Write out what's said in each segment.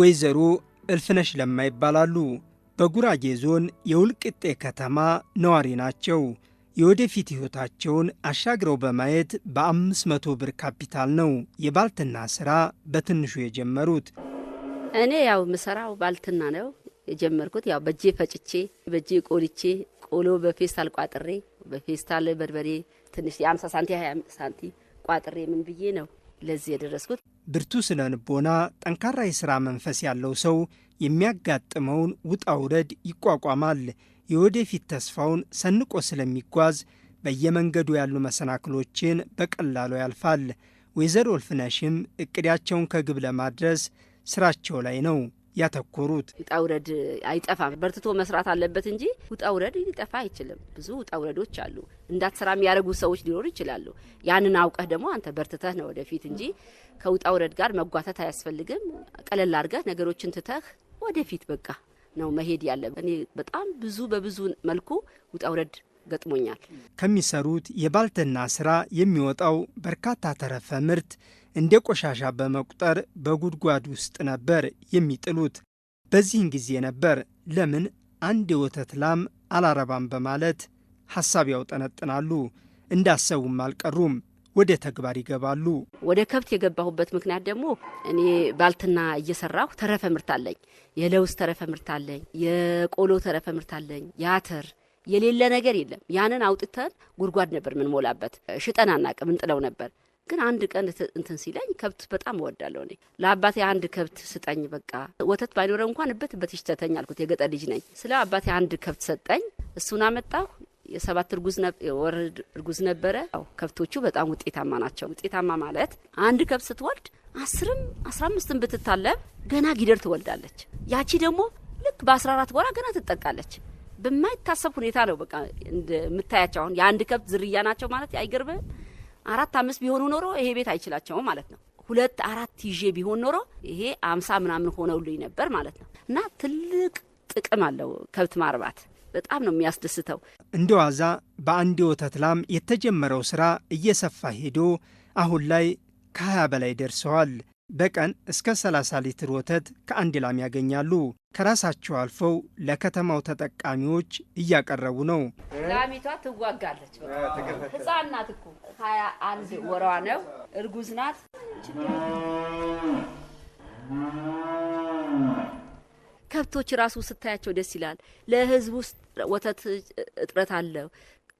ወይዘሮ እልፍነሽ ለማ ይባላሉ። በጉራጌ ዞን የውልቅጤ ከተማ ነዋሪ ናቸው። የወደፊት ሕይወታቸውን አሻግረው በማየት በ500 ብር ካፒታል ነው የባልትና ስራ በትንሹ የጀመሩት። እኔ ያው ምሰራው ባልትና ነው የጀመርኩት። ያው በእጄ ፈጭቼ በእጄ ቆልቼ ቆሎ በፌስታል ቋጥሬ በፌስታል በርበሬ ትንሽ የ50 ሳንቲ 20 ሳንቲ ቋጥሬ ምን ብዬ ነው ለዚህ የደረስኩት። ብርቱ ስነ ልቦና፣ ጠንካራ የሥራ መንፈስ ያለው ሰው የሚያጋጥመውን ውጣ ውረድ ይቋቋማል። የወደፊት ተስፋውን ሰንቆ ስለሚጓዝ በየመንገዱ ያሉ መሰናክሎችን በቀላሉ ያልፋል። ወይዘሮ እልፍነሽም እቅዳቸውን ከግብ ለማድረስ ስራቸው ላይ ነው። ያተኮሩት። ውጣውረድ አይጠፋም፣ በርትቶ መስራት አለበት እንጂ ውጣውረድ ሊጠፋ አይችልም። ብዙ ውጣውረዶች አሉ። እንዳትሰራ የሚያደርጉ ሰዎች ሊኖሩ ይችላሉ። ያንን አውቀህ ደግሞ አንተ በርትተህ ነው ወደፊት እንጂ ከውጣውረድ ጋር መጓተት አያስፈልግም። ቀለል አድርገህ ነገሮችን ትተህ ወደፊት በቃ ነው መሄድ ያለ። እኔ በጣም ብዙ በብዙ መልኩ ውጣውረድ ገጥሞኛል። ከሚሰሩት የባልትና ስራ የሚወጣው በርካታ ተረፈ ምርት እንደ ቆሻሻ በመቁጠር በጉድጓድ ውስጥ ነበር የሚጥሉት። በዚህን ጊዜ ነበር ለምን አንድ የወተት ላም አላረባም በማለት ሐሳብ ያውጠነጥናሉ። እንዳሰቡም አልቀሩም፣ ወደ ተግባር ይገባሉ። ወደ ከብት የገባሁበት ምክንያት ደግሞ እኔ ባልትና እየሰራሁ ተረፈ ምርት አለኝ። የለውስ ተረፈ ምርት አለኝ፣ የቆሎ ተረፈ ምርት አለኝ፣ የአተር የሌለ ነገር የለም። ያንን አውጥተን ጉድጓድ ነበር ምንሞላበት። ሽጠን አናቅም፣ እንጥለው ነበር ግን አንድ ቀን እንትን ሲለኝ ከብት በጣም እወዳለሁ። እኔ ለአባቴ አንድ ከብት ስጠኝ፣ በቃ ወተት ባይኖረው እንኳን እበት በት ይሽተተኝ አልኩት። የገጠር ልጅ ነኝ ስለ አባቴ አንድ ከብት ሰጠኝ። እሱን አመጣሁ። የሰባት እርጉዝ ወር እርጉዝ ነበረ። ከብቶቹ በጣም ውጤታማ ናቸው። ውጤታማ ማለት አንድ ከብት ስትወልድ አስርም አስራ አምስትም ብትታለብ ገና ጊደር ትወልዳለች። ያቺ ደግሞ ልክ በአስራ አራት ወራ ገና ትጠቃለች። በማይታሰብ ሁኔታ ነው በቃ እንደምታያቸው። አሁን የአንድ ከብት ዝርያ ናቸው ማለት አይገርብህም? አራት አምስት ቢሆኑ ኖሮ ይሄ ቤት አይችላቸውም ማለት ነው። ሁለት አራት ይዤ ቢሆን ኖሮ ይሄ አምሳ ምናምን ሆነውልኝ ነበር ማለት ነው። እና ትልቅ ጥቅም አለው ከብት ማርባት በጣም ነው የሚያስደስተው። እንደ ዋዛ በአንድ ወተት ላም የተጀመረው ስራ እየሰፋ ሄዶ አሁን ላይ ከሀያ በላይ ደርሰዋል። በቀን እስከ 30 ሊትር ወተት ከአንድ ላም ያገኛሉ። ከራሳቸው አልፈው ለከተማው ተጠቃሚዎች እያቀረቡ ነው። ላሚቷ ትዋጋለች። ሕፃን ናት እኮ ሀያ ነው። እርጉዝ ናት። ከብቶች ራሱ ስታያቸው ደስ ይላል። ለህዝብ ውስጥ ወተት እጥረት አለው።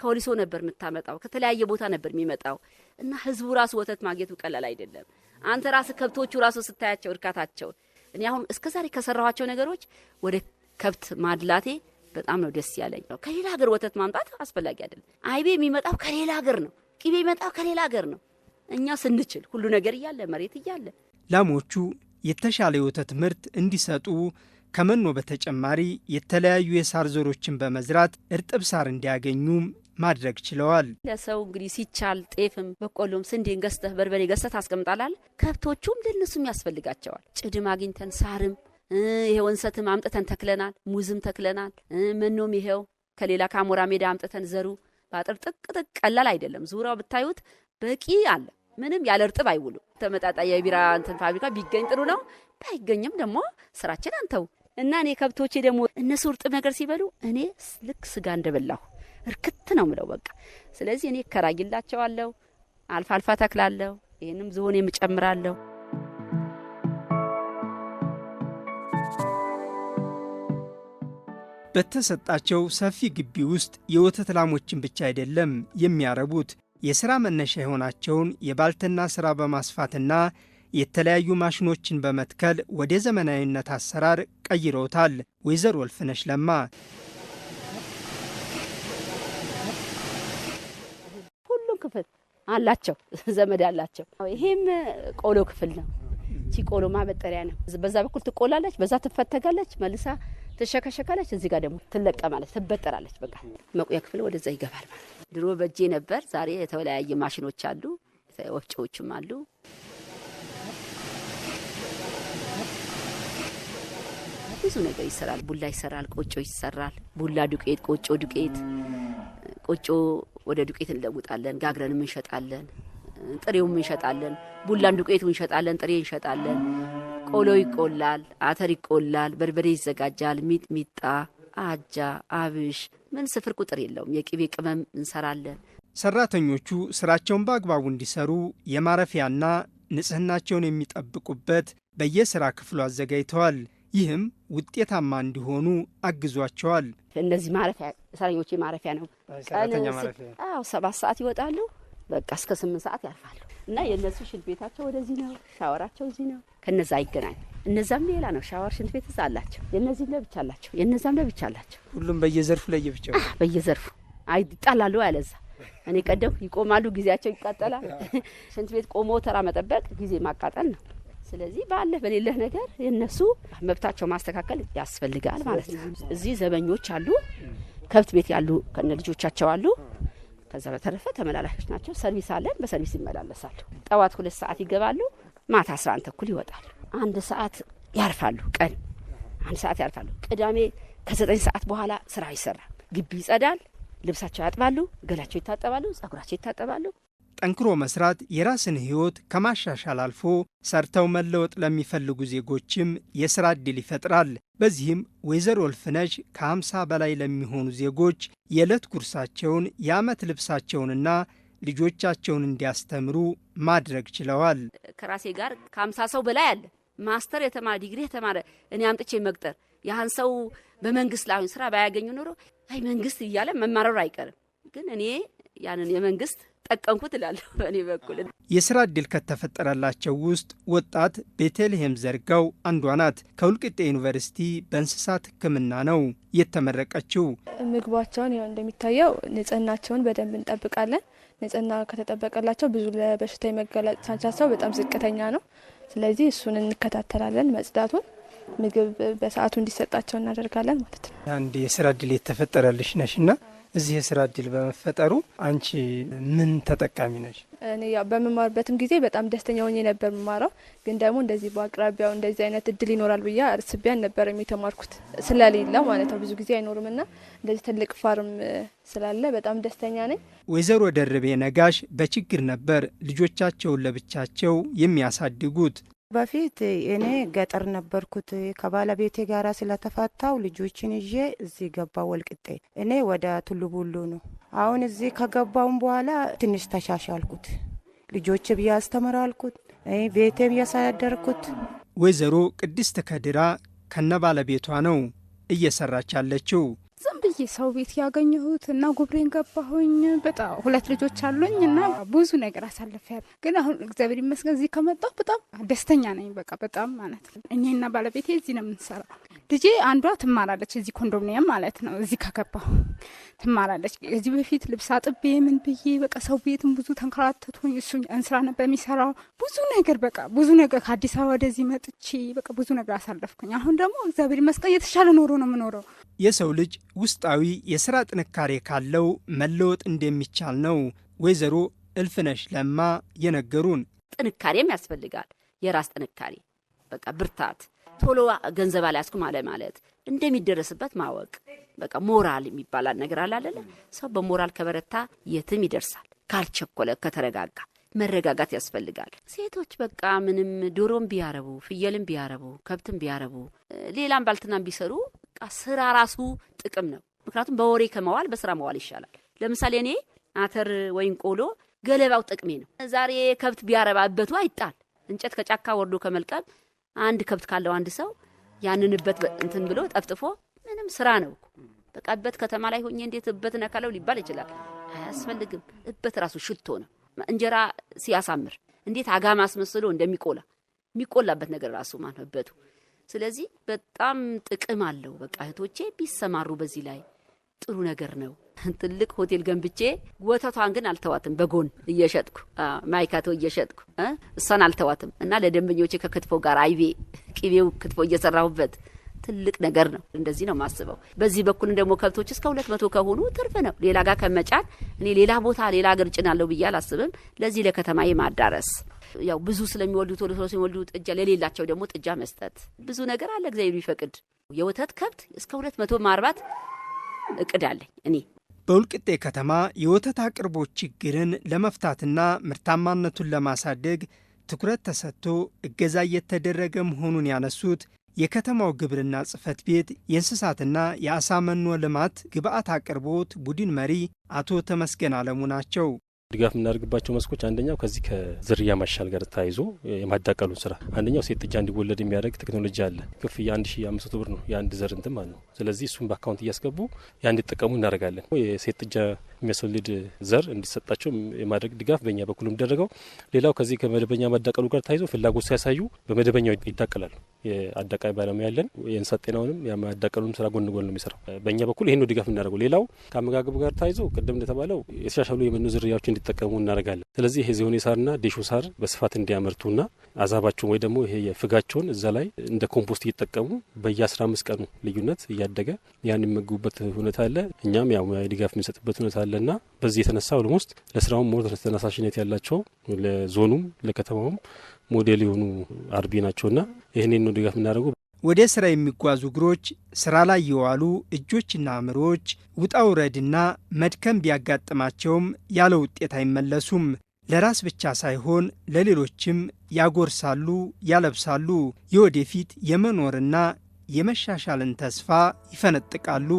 ከወሊሶ ነበር የምታመጣው፣ ከተለያየ ቦታ ነበር የሚመጣው እና ህዝቡ ራሱ ወተት ማግኘቱ ቀላል አይደለም። አንተ ራስ ከብቶቹ ራሱ ስታያቸው እርካታቸው። እኔ አሁን እስከዛሬ ከሰራኋቸው ነገሮች ወደ ከብት ማድላቴ በጣም ነው ደስ ያለኝ። ከሌላ ሀገር ወተት ማምጣት አስፈላጊ አይደለም። አይቤ የሚመጣው ከሌላ ሀገር ነው። ቅቤ የሚመጣው ከሌላ ሀገር ነው። እኛ ስንችል ሁሉ ነገር እያለ መሬት እያለ ላሞቹ የተሻለ የወተት ምርት እንዲሰጡ ከመኖ በተጨማሪ የተለያዩ የሳር ዘሮችን በመዝራት እርጥብ ሳር እንዲያገኙም ማድረግ ችለዋል። ለሰው እንግዲህ ሲቻል ጤፍም፣ በቆሎም፣ ስንዴን ገዝተህ በርበሬ ገዝተህ ታስቀምጣላል። ከብቶቹም ለእነሱም ያስፈልጋቸዋል። ጭድም አግኝተን ሳርም ይሄ ወንሰትም አምጥተን ተክለናል። ሙዝም ተክለናል። መኖም ይሄው ከሌላ ከአሞራ ሜዳ አምጥተን ዘሩ በአጥር ጥቅጥቅ ቀላል አይደለም። ዙሪያው ብታዩት በቂ አለ። ምንም ያለ እርጥብ አይውሉ ተመጣጣ የቢራ እንትን ፋብሪካ ቢገኝ ጥሩ ነው። ባይገኝም ደግሞ ስራችን አንተው እና እኔ ከብቶቼ ደግሞ እነሱ እርጥብ ነገር ሲበሉ እኔ ልክ ስጋ እንደበላሁ እርክት ነው ምለው በቃ። ስለዚህ እኔ እከራይላቸዋለሁ፣ አልፋ አልፋ ተክላለሁ፣ ይህንም ዝሆን የምጨምራለሁ። በተሰጣቸው ሰፊ ግቢ ውስጥ የወተት ላሞችን ብቻ አይደለም የሚያረቡት የሥራ መነሻ የሆናቸውን የባልትና ሥራ በማስፋትና የተለያዩ ማሽኖችን በመትከል ወደ ዘመናዊነት አሰራር ቀይረውታል። ወይዘሮ ወልፍነሽ ለማ ሁሉም ክፍል አላቸው ዘመድ አላቸው። ይሄም ቆሎ ክፍል ነው። እቺ ቆሎ ማበጠሪያ ነው። በዛ በኩል ትቆላለች፣ በዛ ትፈተጋለች፣ መልሳ ትሸከሸካለች። እዚህ ጋር ደግሞ ማለት ትበጠራለች። በቃ መቁያ ክፍል ወደዛ ይገባል ማለት ድሮ በእጄ ነበር። ዛሬ የተለያየ ማሽኖች አሉ፣ ወፍጮዎችም አሉ። ብዙ ነገር ይሰራል። ቡላ ይሰራል፣ ቆጮ ይሰራል። ቡላ ዱቄት፣ ቆጮ ዱቄት ቆጮ ወደ ዱቄት እንለውጣለን፣ ጋግረንም እንሸጣለን፣ ጥሬውም እንሸጣለን፣ ቡላን ዱቄቱ እንሸጣለን፣ ጥሬ እንሸጣለን። ቆሎ ይቆላል፣ አተር ይቆላል፣ በርበሬ ይዘጋጃል፣ ሚጥሚጣ፣ አጃ፣ አብሽ ምን ስፍር ቁጥር የለውም። የቅቤ ቅመም እንሰራለን። ሰራተኞቹ ስራቸውን በአግባቡ እንዲሰሩ የማረፊያና ንጽህናቸውን የሚጠብቁበት በየስራ ክፍሉ አዘጋጅተዋል። ይህም ውጤታማ እንዲሆኑ አግዟቸዋል። እነዚህ ማረፊያ እስረኞች ማረፊያ ነው። ቀን ሰባት ሰዓት ይወጣሉ፣ በቃ እስከ ስምንት ሰዓት ያልፋሉ እና የእነሱ ሽንት ቤታቸው ወደዚህ ነው፣ ሻወራቸው እዚህ ነው። ከነዛ አይገናኝ። እነዛም ሌላ ነው፣ ሻወር ሽንት ቤት እዛ አላቸው። የእነዚህም ለብቻ አላቸው፣ የእነዛም ለብቻ አላቸው። ሁሉም በየዘርፉ ለየብቻው በየዘርፉ ይጣላሉ ያለዛ እኔ ቀደም ይቆማሉ፣ ጊዜያቸው ይቃጠላል። ሽንት ቤት ቆሞ ተራ መጠበቅ ጊዜ ማቃጠል ነው። ስለዚህ ባለህ በሌለህ ነገር የነሱ መብታቸው ማስተካከል ያስፈልጋል ማለት ነው። እዚህ ዘበኞች አሉ፣ ከብት ቤት ያሉ ከነ ልጆቻቸው አሉ። ከዛ በተረፈ ተመላላሾች ናቸው። ሰርቪስ አለን፣ በሰርቪስ ይመላለሳሉ። ጠዋት ሁለት ሰዓት ይገባሉ፣ ማታ አስራ አንድ ተኩል ይወጣሉ። አንድ ሰዓት ያርፋሉ፣ ቀን አንድ ሰዓት ያርፋሉ። ቅዳሜ ከዘጠኝ ሰዓት በኋላ ስራ ይሰራል፣ ግቢ ይጸዳል፣ ልብሳቸው ያጥባሉ፣ ገላቸው ይታጠባሉ፣ ጸጉራቸው ይታጠባሉ። ጠንክሮ መስራት የራስን ሕይወት ከማሻሻል አልፎ ሰርተው መለወጥ ለሚፈልጉ ዜጎችም የሥራ ዕድል ይፈጥራል። በዚህም ወይዘሮ እልፍነሽ ከ50 በላይ ለሚሆኑ ዜጎች የዕለት ጉርሳቸውን የዓመት ልብሳቸውንና ልጆቻቸውን እንዲያስተምሩ ማድረግ ችለዋል። ከራሴ ጋር ከአምሳ ሰው በላይ አለ። ማስተር የተማረ ዲግሪ የተማረ እኔ አምጥቼ መቅጠር ያህን ሰው በመንግስት ላሁን ስራ ባያገኙ ኖሮ አይ መንግስት እያለ መማረሩ አይቀርም። ግን እኔ ያንን የመንግስት ጠቀምኩት እላለሁ። በእኔ በኩል የስራ እድል ከተፈጠረላቸው ውስጥ ወጣት ቤተልሔም ዘርጋው አንዷ ናት። ከውልቅጤ ዩኒቨርሲቲ በእንስሳት ሕክምና ነው የተመረቀችው። ምግባቸውን ያው እንደሚታየው ንጽህናቸውን በደንብ እንጠብቃለን። ንጽህና ከተጠበቀላቸው ብዙ ለበሽታ የመጋለጥ ቻንሳቸው በጣም ዝቅተኛ ነው። ስለዚህ እሱን እንከታተላለን መጽዳቱን ምግብ በሰዓቱ እንዲሰጣቸው እናደርጋለን ማለት ነው። አንድ የስራ እድል የተፈጠረልሽ ና እዚህ የስራ እድል በመፈጠሩ አንቺ ምን ተጠቃሚ ነች? እኔ ያው በምማርበትም ጊዜ በጣም ደስተኛ ሆኜ ነበር የምማረው። ግን ደግሞ እንደዚህ በአቅራቢያው እንደዚህ አይነት እድል ይኖራል ብዬ አስቤ ነበር የተማርኩት ስለሌለ ማለት ነው። ብዙ ጊዜ አይኖርም ና እንደዚህ ትልቅ ፋርም ስላለ በጣም ደስተኛ ነኝ። ወይዘሮ ደርቤ ነጋሽ በችግር ነበር ልጆቻቸውን ለብቻቸው የሚያሳድጉት። በፊት እኔ ገጠር ነበርኩት። ከባለቤቴ ጋር ስለተፋታው ልጆችን ይዤ እዚህ ገባ ወልቅጤ። እኔ ወደ ቱሉቡሉ ነው። አሁን እዚህ ከገባውን በኋላ ትንሽ ተሻሻልኩት። ልጆች ብያስተምራልኩት፣ ቤቴ ብያሳደርኩት። ወይዘሮ ቅድስት ከድራ ከነ ባለቤቷ ነው እየሰራች ያለችው። ዝም ብዬ ሰው ቤት ያገኘሁት እና ጉብሬን ገባሁኝ። በጣም ሁለት ልጆች አሉኝ እና ብዙ ነገር ያለ ግን አሁን እግዚአብሔር ይመስገን እዚህ ከመጣሁ በጣም ደስተኛ ነኝ። በቃ በጣም ማለት ነው። እኔና ባለቤቴ እዚህ ነው የምንሰራው። ልጄ አንዷ ትማራለች እዚህ ኮንዶሚኒየም ማለት ነው። እዚህ ከገባሁ ትማራለች። ከዚህ በፊት ልብስ አጥቤ ምን ብዬ በቃ ሰው ቤትም ብዙ ተንከራተትኩኝ። እሱ እንስራ ነበር የሚሰራው ብዙ ነገር በቃ ብዙ ነገር ከአዲስ አበባ ወደዚህ መጥቼ በቃ ብዙ ነገር አሳለፍኩኝ። አሁን ደግሞ እግዚአብሔር ይመስገን የተሻለ ኖሮ ነው የምኖረው የሰው ልጅ ውስጣዊ የሥራ ጥንካሬ ካለው መለወጥ እንደሚቻል ነው ወይዘሮ እልፍነሽ ለማ የነገሩን። ጥንካሬም ያስፈልጋል። የራስ ጥንካሬ፣ በቃ ብርታት፣ ቶሎ ገንዘብ አልያዝኩም አለ ማለት እንደሚደረስበት ማወቅ። በቃ ሞራል የሚባላል ነገር አላለለ። ሰው በሞራል ከበረታ የትም ይደርሳል። ካልቸኮለ፣ ከተረጋጋ መረጋጋት ያስፈልጋል። ሴቶች በቃ ምንም ዶሮም ቢያረቡ፣ ፍየልም ቢያረቡ፣ ከብትም ቢያረቡ፣ ሌላም ባልትናም ቢሰሩ በቃ ስራ ራሱ ጥቅም ነው። ምክንያቱም በወሬ ከመዋል በስራ መዋል ይሻላል። ለምሳሌ እኔ አተር ወይም ቆሎ ገለባው ጥቅሜ ነው። ዛሬ ከብት ቢያረባበቱ አይጣል። እንጨት ከጫካ ወርዶ ከመልቀም አንድ ከብት ካለው አንድ ሰው ያንን እበት እንትን ብሎ ጠፍጥፎ ምንም ስራ ነው በቃ። እበት ከተማ ላይ ሆኜ እንዴት እበት ነካለው ሊባል ይችላል። አያስፈልግም። እበት ራሱ ሽቶ ነው። እንጀራ ሲያሳምር እንዴት አጋማ አስመስሎ እንደሚቆላ የሚቆላበት ነገር ራሱ ማን እበቱ ስለዚህ በጣም ጥቅም አለው። በቃ እህቶቼ ቢሰማሩ በዚህ ላይ ጥሩ ነገር ነው። ትልቅ ሆቴል ገንብቼ ወተቷን ግን አልተዋትም። በጎን እየሸጥኩ ማይካቶ እየሸጥኩ እሷን አልተዋትም እና ለደንበኞቼ ከክትፎ ጋር አይቤ ቅቤው ክትፎ እየሰራሁበት ትልቅ ነገር ነው። እንደዚህ ነው ማስበው። በዚህ በኩል ደግሞ ከብቶች እስከ ሁለት መቶ ከሆኑ ትርፍ ነው። ሌላ ጋር ከመጫን እኔ ሌላ ቦታ ሌላ ሀገር ጭናለሁ ብዬ አላስብም። ለዚህ ለከተማ ማዳረስ ያው ብዙ ስለሚወልዱ ቶሎ ቶሎ ስለሚወልዱ ጥጃ ለሌላቸው ደግሞ ጥጃ መስጠት ብዙ ነገር አለ። እግዚአብሔር ቢፈቅድ የወተት ከብት እስከ ሁለት መቶ ማርባት እቅድ አለኝ እኔ። በውልቅጤ ከተማ የወተት አቅርቦት ችግርን ለመፍታትና ምርታማነቱን ለማሳደግ ትኩረት ተሰጥቶ እገዛ እየተደረገ መሆኑን ያነሱት የከተማው ግብርና ጽህፈት ቤት የእንስሳትና የአሳ መኖ ልማት ግብአት አቅርቦት ቡድን መሪ አቶ ተመስገን አለሙ ናቸው። ድጋፍ የምናደርግባቸው መስኮች አንደኛው ከዚህ ከዝርያ ማሻል ጋር ተያይዞ የማዳቀሉ ስራ አንደኛው ሴት ጥጃ እንዲወለድ የሚያደርግ ቴክኖሎጂ አለ። ክፍያ 1500 ብር ነው የአንድ ዘር እንትን ማለት ነው። ስለዚህ እሱም በአካውንት እያስገቡ ያን እንዲጠቀሙ እናደርጋለን። የሴት ጥጃ የሚያስወልድ ዘር እንዲሰጣቸው የማድረግ ድጋፍ በእኛ በኩል የሚደረገው። ሌላው ከዚህ ከመደበኛ ማዳቀሉ ጋር ተያይዞ ፍላጎት ሲያሳዩ በመደበኛው ይዳቀላሉ። የአዳቃይ ባለሙያ ያለን የእንስሳት ጤናውንም የማዳቀሉንም ስራ ጎን ጎን ነው የሚሰራው። በእኛ በኩል ይህን ድጋፍ የምናደርገው። ሌላው ከአመጋገቡ ጋር ተይዞ ቅድም እንደተባለው የተሻሻሉ የመኖ ዝርያዎች እንዲጠቀሙ እናደርጋለን። ስለዚህ ይሄ ዝሆኔ ሳርና ዴሾ ሳር በስፋት እንዲያመርቱና አዛባቸውን ወይ ደግሞ ይሄ የፍጋቸውን እዛ ላይ እንደ ኮምፖስት እየጠቀሙ በየ አምስት ቀኑ ልዩነት እያደገ ያን የሚመግቡበት ሁኔታ አለ። እኛም ያው ድጋፍ የምንሰጥበት ሁኔታ አለ። አለና በዚህ የተነሳ ኦልሞስት ለስራውም ሞር ተነሳሽነት ያላቸው ለዞኑም ለከተማውም ሞዴል የሆኑ አርቢ ናቸውና ይህንን ነው ድጋፍ የምናደርገው። ወደ ስራ የሚጓዙ እግሮች ስራ ላይ የዋሉ እጆችና አእምሮዎች ውጣ ውረድና መድከም ቢያጋጥማቸውም ያለ ውጤት አይመለሱም። ለራስ ብቻ ሳይሆን ለሌሎችም ያጎርሳሉ፣ ያለብሳሉ። የወደፊት የመኖርና የመሻሻልን ተስፋ ይፈነጥቃሉ።